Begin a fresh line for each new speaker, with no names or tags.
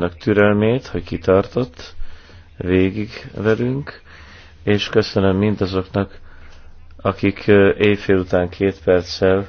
annak türelmét, hogy kitartott végig velünk, és köszönöm mindazoknak, akik éjfél után két perccel